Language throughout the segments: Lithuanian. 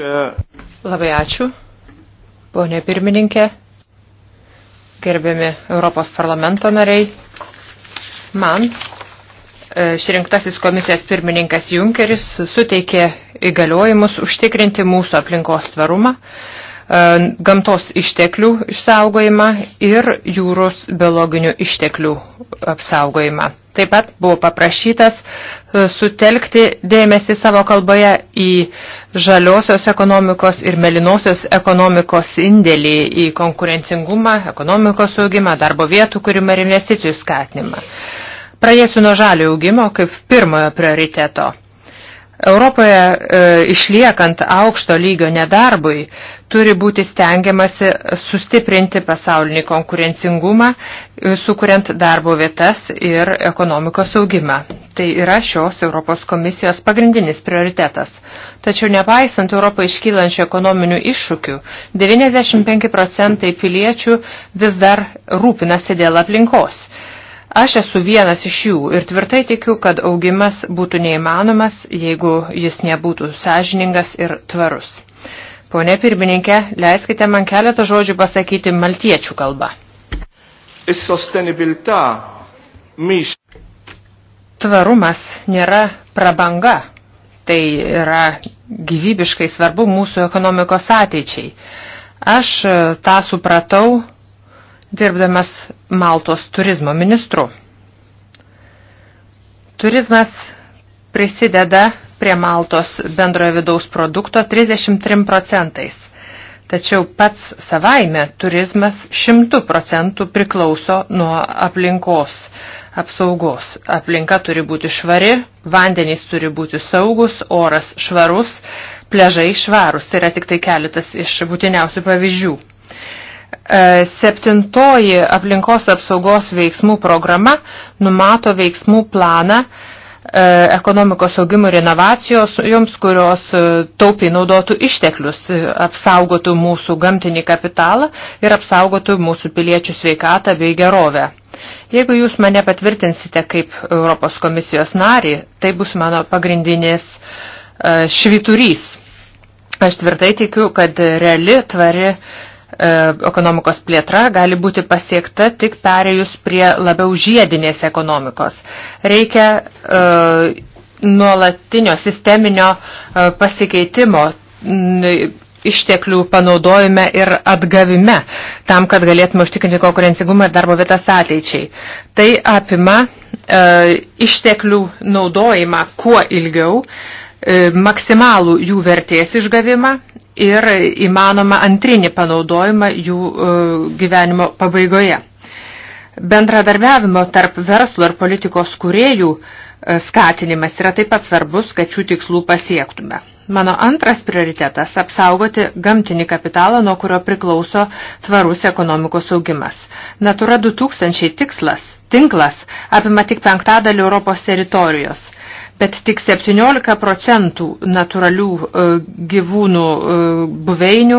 Labai ačiū, ponė pirmininkė, gerbiami Europos parlamento nariai. Man e, išrinktasis komisijos pirmininkas Junkeris suteikė įgaliojimus užtikrinti mūsų aplinkos tvarumą E, gamtos išteklių išsaugojimą ir jūros biologinių išteklių apsaugojimą. Taip pat buvo paprašytas e, sutelkti dėmesį savo kalboje į žaliosios ekonomikos ir melinosios ekonomikos indėlį į konkurencingumą, ekonomikos augimą, darbo vietų kūrimą ir investicijų skatinimą. Pradėsiu nuo žalio augimo kaip pirmojo prioriteto. Europoje e, išliekant aukšto lygio nedarbui, turi būti stengiamasi sustiprinti pasaulinį konkurencingumą, e, sukuriant darbo vietas ir ekonomikos augimą. Tai yra šios Europos komisijos pagrindinis prioritetas. Tačiau nepaisant Europą iškylančių ekonominių iššūkių, 95 procentai piliečių vis dar rūpinasi dėl aplinkos. Aš esu vienas iš jų ir tvirtai tikiu, kad augimas būtų neįmanomas, jeigu jis nebūtų sąžiningas ir tvarus. Pone pirmininkė, leiskite man keletą žodžių pasakyti maltiečių kalbą. Tvarumas nėra prabanga, tai yra gyvybiškai svarbu mūsų ekonomikos ateičiai. Aš e, tą supratau dirbdamas Maltos turizmo ministru. Turizmas prisideda prie Maltos bendrojo vidaus produkto 33 procentais. Tačiau pats savaime turizmas 100 procentų priklauso nuo aplinkos apsaugos. Aplinka turi būti švari, vandenys turi būti saugus, oras švarus, pležai švarus. Tai yra tik tai keletas iš būtiniausių pavyzdžių. E, septintoji aplinkos apsaugos veiksmų programa numato veiksmų planą E, ekonomikos augimų ir inovacijos joms, kurios e, taupiai naudotų išteklius, e, apsaugotų mūsų gamtinį kapitalą ir apsaugotų mūsų piliečių sveikatą bei gerovę. Jeigu jūs mane patvirtinsite kaip Europos komisijos narį, tai bus mano pagrindinės švyturys. Aš tvirtai tikiu, kad reali, tvari E, ekonomikos plėtra gali būti pasiekta tik perėjus prie labiau žiedinės ekonomikos. Reikia e, nuolatinio sisteminio e, pasikeitimo išteklių panaudojime ir atgavime, tam, kad galėtume užtikrinti konkurencingumą ir darbo vietas ateičiai. Tai apima e, išteklių naudojimą kuo ilgiau, e, maksimalų jų vertės išgavimą ir įmanoma antrinį panaudojimą jų e, gyvenimo pabaigoje. Bendradarbiavimo tarp verslo ir politikos kuriejų e, skatinimas yra taip pat svarbus, kad šių tikslų pasiektume. Mano antras prioritetas – apsaugoti gamtinį kapitalą, nuo kurio priklauso tvarus ekonomikos augimas. Natura 2000 tikslas, tinklas apima tik penktadalį Europos teritorijos – bet tik 17 procentų natūralių e, gyvūnų e, buveinių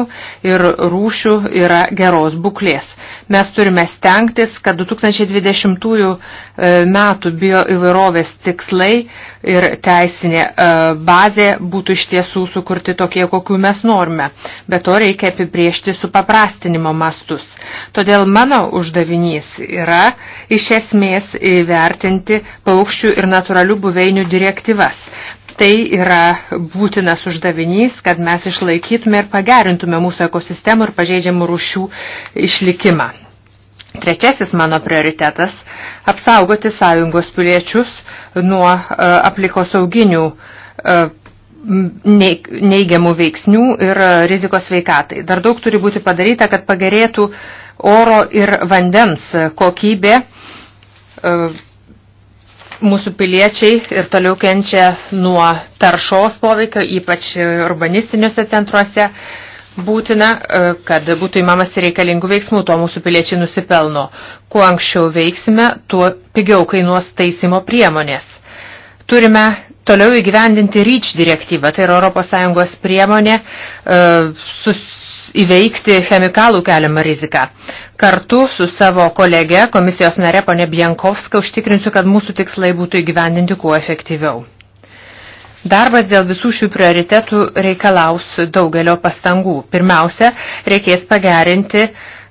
ir rūšių yra geros būklės. Mes turime stengtis, kad 2020 e, metų bioįvairovės tikslai ir teisinė bazė būtų iš tiesų sukurti tokie, kokių mes norime. Be to reikia apibriežti su paprastinimo mastus. Todėl mano uždavinys yra iš esmės įvertinti paukščių ir natūralių buveinių direktyvą perspektyvas. Tai yra būtinas uždavinys, kad mes išlaikytume ir pagerintume mūsų ekosistemų ir pažeidžiamų rūšių išlikimą. Trečiasis mano prioritetas – apsaugoti sąjungos piliečius nuo e, aplikosauginių e, neigiamų veiksnių ir e, rizikos veikatai. Dar daug turi būti padaryta, kad pagerėtų oro ir vandens kokybė mūsų piliečiai ir toliau kenčia nuo taršos poveikio, ypač urbanistiniuose centruose. Būtina, e, kad būtų įmamas reikalingų veiksmų, tuo mūsų piliečiai nusipelno. Kuo anksčiau veiksime, tuo pigiau kainuos taisimo priemonės. Turime toliau įgyvendinti REACH direktyvą, tai yra ES priemonė e, sus įveikti chemikalų keliamą riziką. Kartu su savo kolege, komisijos nare ponė Bienkovska, užtikrinsiu, kad mūsų tikslai būtų įgyvendinti kuo efektyviau. Darbas dėl visų šių prioritetų reikalaus daugelio pastangų. Pirmiausia, reikės pagerinti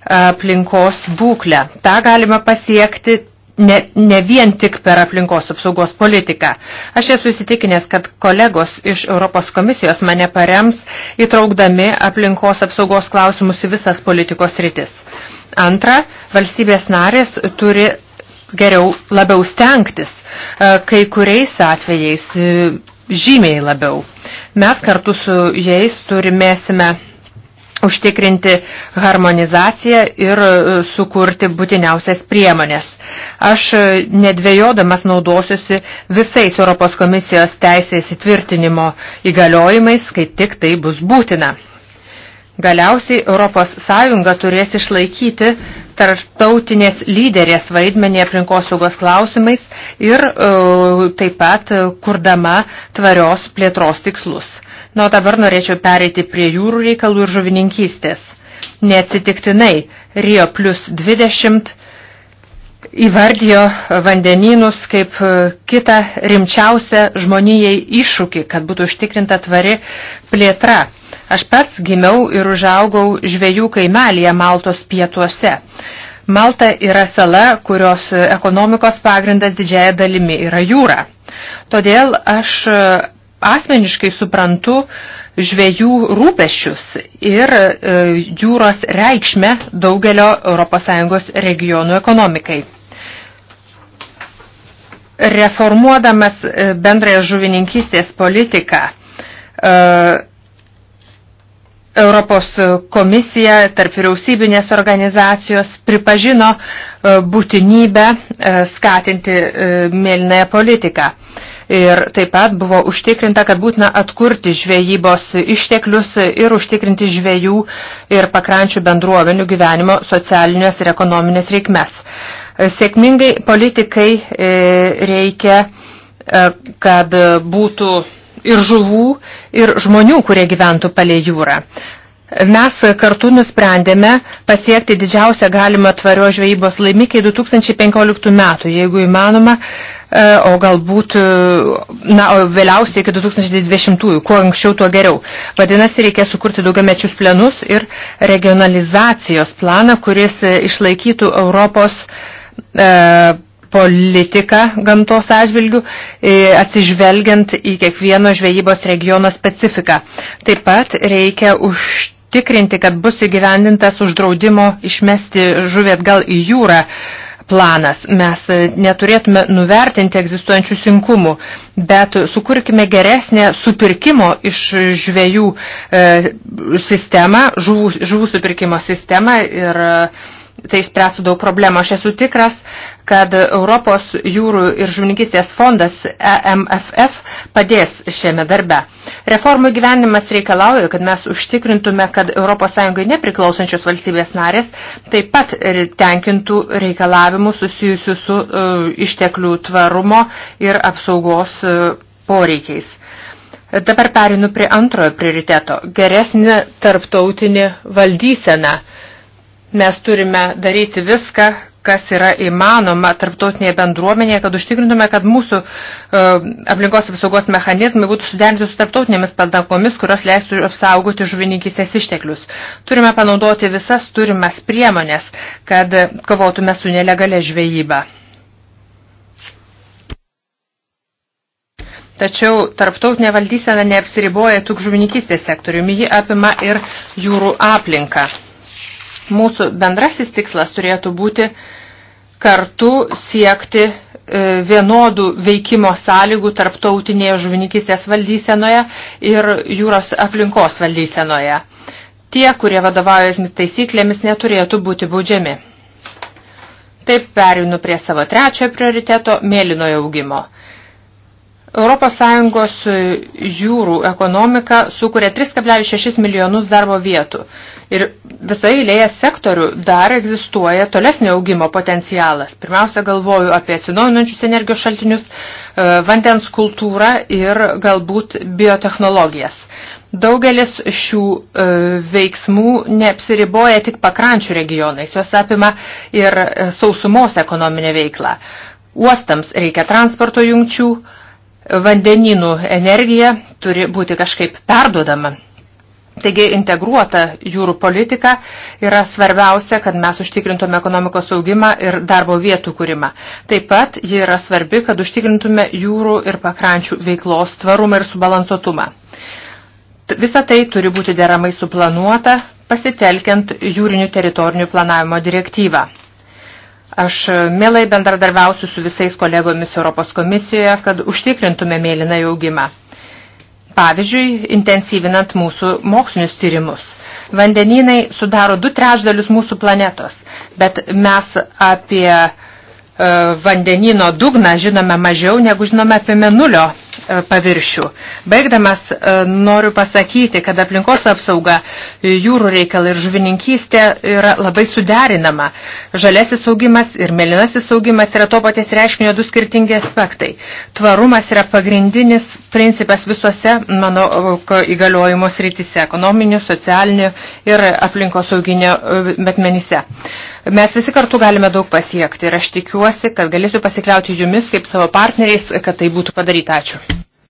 aplinkos būklę. Ta galima pasiekti ne, ne vien tik per aplinkos apsaugos politiką. Aš esu įsitikinęs, kad kolegos iš Europos komisijos mane parems įtraukdami aplinkos apsaugos klausimus į visas politikos rytis. Antra, valstybės narės turi geriau labiau stengtis, e, kai kuriais atvejais e, žymiai labiau. Mes kartu su jais turimėsime užtikrinti harmonizaciją ir e, sukurti būtiniausias priemonės. Aš e, nedvėjodamas naudosiuosi visais Europos komisijos teisės įtvirtinimo įgaliojimais, kai tik tai bus būtina. Galiausiai Europos Sąjunga turės išlaikyti tarptautinės lyderės vaidmenį aplinkosaugos klausimais ir e, taip pat e, kurdama tvarios plėtros tikslus. Na, nu, dabar norėčiau pereiti prie jūrų reikalų ir žuvininkystės. Neatsitiktinai Rio plus 20 įvardijo vandenynus kaip e, kitą rimčiausią žmonijai iššūkį, kad būtų užtikrinta tvari plėtra. Aš pats gimiau ir užaugau žvėjų kaimelėje Maltos pietuose. Malta yra sala, kurios ekonomikos pagrindas didžiaja dalimi yra jūra. Todėl aš e, asmeniškai suprantu žvėjų rūpešius ir e, jūros reikšmę daugelio ES regionų ekonomikai. Reformuodamas e, bendrąją žuvininkystės politiką, e, Europos komisija, tarp vyriausybinės organizacijos pripažino e, būtinybę skatinti mėlynąją politiką. Ir taip pat buvo užtikrinta, kad būtina atkurti žvejybos išteklius ir užtikrinti žvejų ir pakrančių bendruomenių gyvenimo socialinės ir ekonominės reikmes. Sėkmingai politikai e, reikia, e, kad būtų ir žuvų, ir žmonių, kurie gyventų palei jūrą. Mes kartu nusprendėme pasiekti didžiausią galimą tvario žvejybos laimikį 2015 metų, jeigu įmanoma, e, o galbūt e, na, o vėliausiai iki 2020-ųjų, kuo anksčiau, tuo geriau. Vadinasi, reikia sukurti daugiamečius planus ir regionalizacijos planą, kuris išlaikytų Europos e, politiką gamtos atžvilgių, e, atsižvelgiant į kiekvieno žvejybos regiono specifiką. Taip pat reikia už užtikrinti, kad bus įgyvendintas uždraudimo išmesti žuvį atgal į jūrą planas. Mes e, neturėtume nuvertinti egzistuojančių sunkumų, bet sukurkime geresnę supirkimo iš žvėjų e, sistemą, žuvų, žuvų supirkimo sistemą ir e, tai spręstų daug problemų. Aš esu tikras, kad Europos jūrų ir žuvininkystės fondas EMFF padės šiame darbe. Reformų gyvenimas reikalauja, kad mes užtikrintume, kad ES nepriklausančios valstybės narės taip pat tenkintų reikalavimų susijusių su uh, išteklių tvarumo ir apsaugos uh, poreikiais. Dabar perinu prie antrojo prioriteto – geresnė tarptautinė valdysena – Mes turime daryti viską, kas yra įmanoma tarptautinėje bendruomenėje, kad užtikrintume, kad mūsų uh, aplinkos apsaugos mechanizmai būtų suderinti su tarptautinėmis padangomis, kurios leistų apsaugoti žuvininkysės išteklius. Turime panaudoti visas turimas priemonės, kad kovotume su nelegalia žvejyba. Tačiau tarptautinė valdysena neapsiriboja tik žuvininkystės sektoriumi, ji apima ir jūrų aplinką. Mūsų bendrasis tikslas turėtų būti kartu siekti e, vienodų veikimo sąlygų tarptautinėje žuvininkystės valdysenoje ir jūros aplinkos valdysenoje. Tie, kurie vadovaujami taisyklėmis, neturėtų būti baudžiami. Taip perinu prie savo trečiojo prioriteto – mėlynojo augimo – ES jūrų ekonomika sukuria 3,6 milijonus darbo vietų ir visai eilėje sektorių dar egzistuoja tolesnio augimo potencialas. Pirmiausia, galvoju apie atsinaujinančius energijos šaltinius, e, vandens kultūrą ir galbūt biotechnologijas. Daugelis šių e, veiksmų neapsiriboja tik pakrančių regionais, jos apima ir e, sausumos ekonominę veiklą. Uostams reikia transporto jungčių, vandeninų energija turi būti kažkaip perduodama. Taigi integruota jūrų politika yra svarbiausia, kad mes užtikrintume ekonomikos augimą ir darbo vietų kūrimą. Taip pat ji yra svarbi, kad užtikrintume jūrų ir pakrančių veiklos tvarumą ir subalansuotumą. Visa tai turi būti deramai suplanuota, pasitelkiant jūrinių teritorinių planavimo direktyvą. Aš mielai bendradarbiausiu su visais kolegomis Europos komisijoje, kad užtikrintume mėlyną jaugimą. Pavyzdžiui, intensyvinant mūsų mokslinius tyrimus. Vandenynai sudaro du trešdalius mūsų planetos, bet mes apie e, vandenino dugną žinome mažiau, negu žinome apie menulio E, paviršių. Baigdamas e, noriu pasakyti, kad aplinkos apsauga, e, jūrų reikalai ir žuvininkystė yra labai suderinama. Žalesis saugimas ir melinasis saugimas yra to paties reiškinio du skirtingi aspektai. Tvarumas yra pagrindinis principas visose mano įgaliojimo srityse – ekonominio, socialinio ir aplinkos sauginio metmenyse. Mes visi kartu galime daug pasiekti ir aš tikiuosi, kad galėsiu pasikliauti jumis kaip savo partneriais, kad tai būtų padaryta. Ačiū.